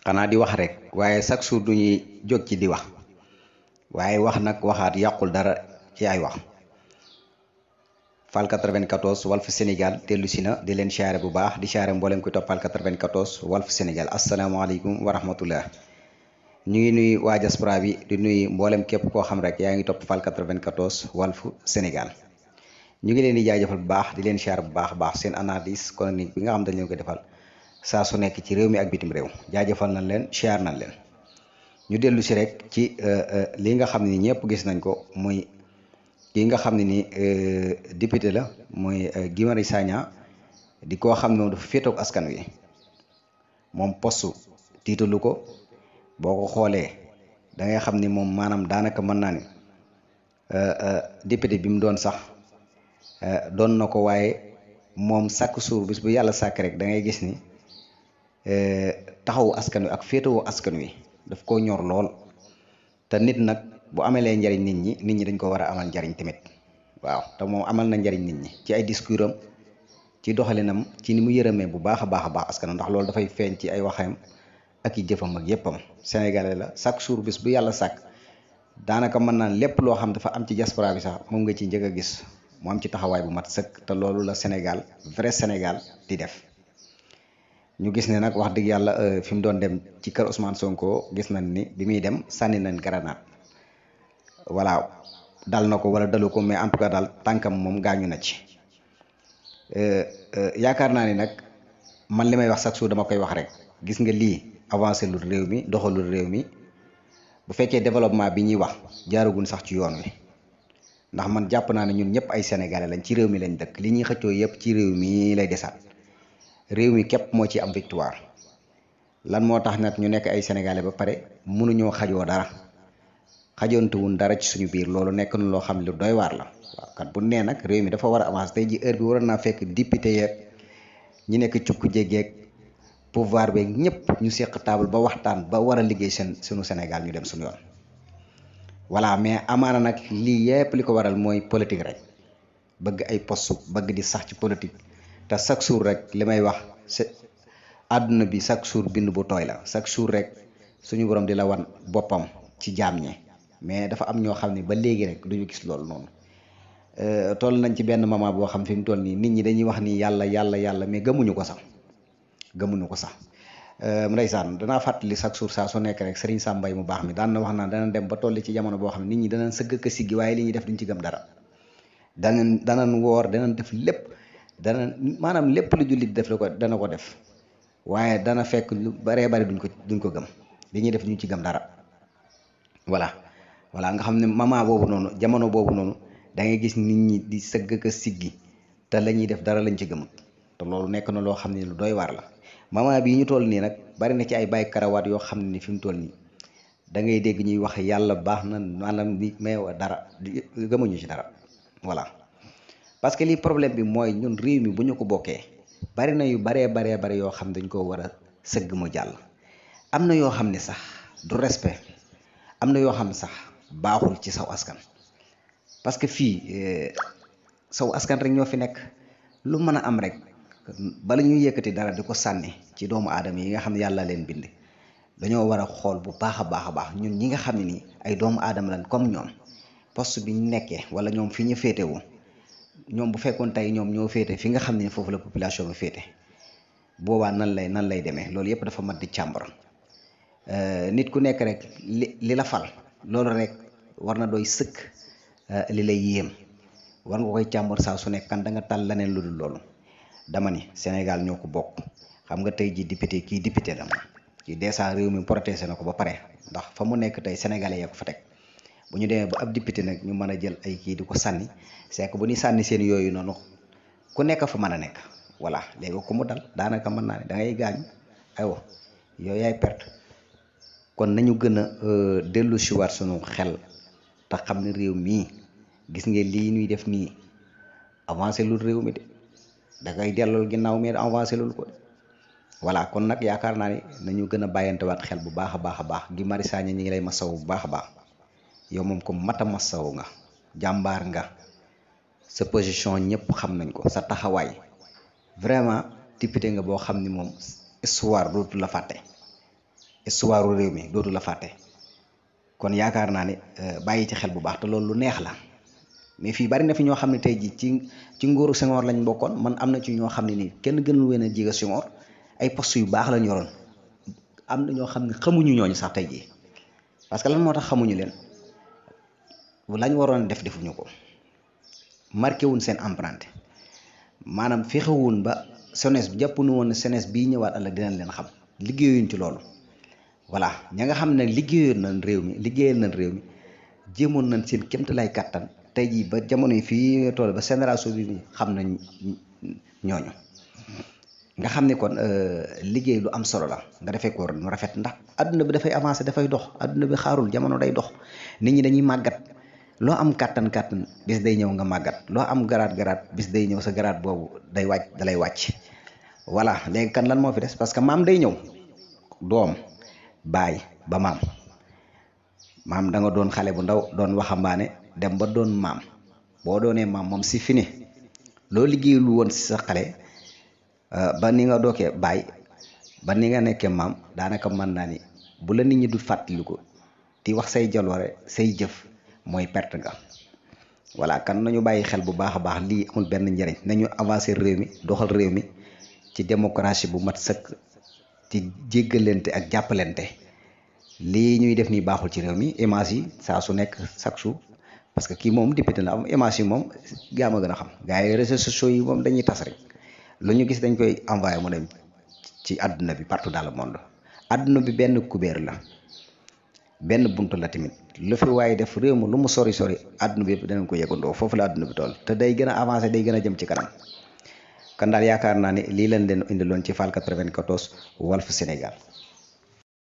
xanaa di wax rek waaye chaque jour du ñuy jóg ci di wax waaye wax nag waxaat yàqul dara ci ay wax Fall 94 Walf Sénégal dellu si na di leen siyaare bu baax di siyaare mboolem kuy topp Fall 94 Walf Sénégal asalaamaaleykum wa rahmatullah ñu ngi nuyu waa diaspora bi di nuy mboolem képp koo xam rek yaa ngi topp vingt Fall 94 Walf Sénégal ñu ngi leen di jaajëfal bu baax di leen siyaare bu baax baax seen analyse chronique bi nga xam dañ leen ko defal saa su nekk ci réew mi ak bitim réew jaajëfal na leen siyaar na leen ñu dellu si rek ci euh, euh, li nga xam ni ñëpp gis nañ ko muy ki nga xam ne ni euh, député la mooy Guy Marius Sagna di koo xam ne moom dafa askan wi moom postu tiitalu ko boo ko xoolee da ngay xam ni moom maanaam daanaka mën naa ni député bi mu doon sax doon na ko waaye moom sàkk suur bis bu yàlla sàkk rek da ngay gis ni Eh, taxawu askan wi ak féetewoo askan wi daf koo ñor lool te nit nag bu amalee njariñ nit ñi nit ñi dañ ko war a amal njariñ tamit waaw te moom amal na njariñ nit ñi ci ay discours am ci doxalinam ci ni mu yërëmee bu baax a baax a baax askanam ndax loolu dafay feeñ ci ay waxam ak i jëfam ak yéppam sénégalais la chaque jour bis bu yàlla sàkk daanaka mën naan lépp loo xam dafa am ci diaspora bi sax moom nga ci njëkk a gis mu am ci taxawaay bu mat sëkk te loolu la Sénégal vrai Sénégal di def ñu gis ne nag wax dëgg yàlla euh, fi mu doon dem ci kër Ousmane Sonko gis nañ ni bi muy dem sànni nañ grenade voilà dal na ko wala dalu ko mais en tout cas daal tànkam moom gaañu na ci euh, euh, yaakaar naa ni nag man li may wax chaque jour dama koy wax rek gis nga lii avancé lul réew mi doxalul réew mi bu fekkee développement bi ñuy wax jaaragul sax ci yoon mi ndax man jàpp naa ne ñun ñëpp ay sénégalais lañ ci réew mi lañ dëkk li ñuy xëccoo yëpp ci réew mii lay desaat. réew mi képp moo ci am victoire lan moo tax nag ñu nekk ay sénégalais ba pare mënuñoo xajoo dara wun dara ci suñu biir loolu nekk na loo xam ne doy waar la waaw kat bu nee nag réew mi dafa war a avancer tey ji heure bi waroon naa fekk député yeeg ñi nekk cukk jégeeg pouvoir beeg ñëpp ñu seq table ba waxtaan ba war a liggéey seen suñu Sénégal ñu dem suñu yoon voilà mais amaana nag lii yëpp li ko waral mooy politique rek bëgg ay postu bëgg di sax ci politique te chaque jour rek li may wax àdduna bi chaque jour bind bu tooy la chaque jour rek suñu borom di la wan boppam ci jaam ñi mais dafa am ñoo xam ni ba léegi rek du ñu gis loolu noonu euh, toll nañ ci benn moment boo xam fi mu toll nii nit ñi dañuy wax ni yàlla yàlla yàlla mais ko sax gëmuñu ko sax euh, ndeysaan danaa fàttali chaque jour saa su nekk rek Serigne Sam Mbaye mu baax mi daan na wax naan dana dem ba toll ci jamono boo xam ne nit ñi danañ sëgg ka siggi waaye li ñuy def duñ ci gëm dara danañ danañ woor danaan def lépp dana maanaam lépp lu jullit def la ko dana ko def waaye dana fekk lu baree bari duñ ko duñ ko gëm li ñuy def ñu ci gëm dara voilà voilà nga xam ne mama boobu noonu jamono boobu noonu da ngay gis nit ñi di sëgg ka siggi te lañuy def dara lañ ci gëmut te loolu nekk na loo xam ne lu doy waar la mamaa bii ñu toll nii nag bari na ci ay bàyyi karawaat yoo xam ne fi mu toll nii da ngay dégg ñuy wax yàlla baax na maanaam ni meewa dara gëmuñu ci dara parce que lii problème bi mooy ñun réew mi bu ñu ko bokkee bari na yu baree baree bari yoo xam dañ koo war a sëgg mu jàll am na yoo xam ne sax du respect am na yoo xam sax baaxul ci saw askan parce que fii eh, saw askan rek ñoo fi nekk lu mën a am rek bala ñuy yëkkati dara di ko sànni ci doomu aadama yi nga xam ne yàlla leen bind dañoo war xool bu baax a baax a baax ñun ñi nga xam ne nii ay doomu aadama lañ comme ñoom poste bi ñu nekkee wala ñoom fi ñu féetewoo ñoom bu fekkoon tey ñoom ñoo féete fi nga xam ne foofu la population bi féete boobaa nan lay nan lay demee loolu yëpp dafa mat di càmbar euh, nit ku nekk rek li li la fal loolu rek war na doy sëkk euh, li lay yéem war nga koy càmbar saa su nekk kan da nga tàll leneen lu dul loolu dama ni Sénégal ñoo ko bokk xam nga tey ji député kii la dama kii dèjà réew mi protégé na ko ba pare ndax fa mu nekk tey sénégalais yaa ko fa teg. bu ñu demee ba ab député nag ñu mën a jël ay kii di ko sànni c'est que bu ñuy sànni seen yooyu noonu ku nekk fa mën a nekk voilà léegi ku mu dal daanaka mën naa ne dangay ngay gaañu aywa yooyu perte kon nañu gën a euh, dellu si sunu xel te xam ne réew mii gis ngeen lii ñuy def nii avancé lul réew mi de da ngay delloo ginnaaw mi avancé lul ko voilà kon nag yaakaar naa ne nañu gën a bàyyantewaat xel bu baax a baax a baax gi Mari Sagna ñi ngi lay masaw bu baax a baax. yow moom ko matama saw nga jàmbaar nga sa position ñëpp xam nañ ko sa taxawaay vraiment député nga boo xam ni moom histoire dootu la fàtte histoire réew mi dootu la fàtte kon yaakaar naa ne euh, bàyyi ci xel bu baax te loolu lu neex la mais fii bari na fi ñoo xam ne tey jii ci ci nguuru Senghor lañ bokkoon man am na ci ñoo xam ne nii kenn gënul ween a jiga Senghor ay post yu baax lañu yoroon am na ñoo xam ne xamuñu ñooñu sax tey jii parce lan moo tax lañ waroon def defuñu ko marqué wun seen empreinte maanaam fexewuñ ba jeunesse bi jàpp jàppuñu woon ne jeunesse bii ñëwaat àll dinañ leen xam liggéeyuñ ci loolu voilà ña nga xam ne liggéeyoon nañ réew mi liggéeyal nañ réew mi jéemoon nañ seen kéemtalaay kàttan tey jii ba jamono yi fii tool ba génération bi xam nañ ñooñu nga xam ne kon euh, liggéey lu am solo la nga defee ko nu rafet ndax àdduna bi dafay avancer dafay dox àdduna bi xaarul jamono day dox nit ñi dañuy màggat. loo am kàttan kàttan bis day ñëw nga màggat loo am garaat garaat bis day ñëw sa garaat boobu day wàcc dalay wàcc voilà léegi kan lan moo fi des parce que maam day ñëw doom baay ba maam doon xale bu ndaw doon waxambaane dem ba doon maam boo doonee maam moom si fini loo liggéey lu woon si sa xale euh, ba ni nga dookee baay ba ni nga nekkee maam daanaka mën naa ni bu la nit ñi du fàttaliku di wax say jaloore say jëf mooy perte ga voilà kan nañu bàyyi xel bu baax a baax lii amul benn njëriñ nañu avancer réew mi doxal réew mi ci démocratie bu mat sëkk ci jéggalante ak jàppalante lii ñuy def nii baaxul ci réew mi image yi saa su nekk chaque jour parce que kii moom député la am image yi moom gaa ma a xam gars yi réseaux sociaux yi moom dañuy tas rek lu ñu gis dañ koy envoyé mu dem ci àdduna bi partout dans le monde àdduna bi benn kubéer la benn bunt la tamit lu fi waaye def réew mu lu mu sori sori àdduna bi yëpp danañ ko yëgandoo foofu la àdduna bi toll te day gën a avancé day gën a jëm ci kanam kan daal yaakaar naa ne lii leen leen indiloon ci Fall 94 Walf Sénégal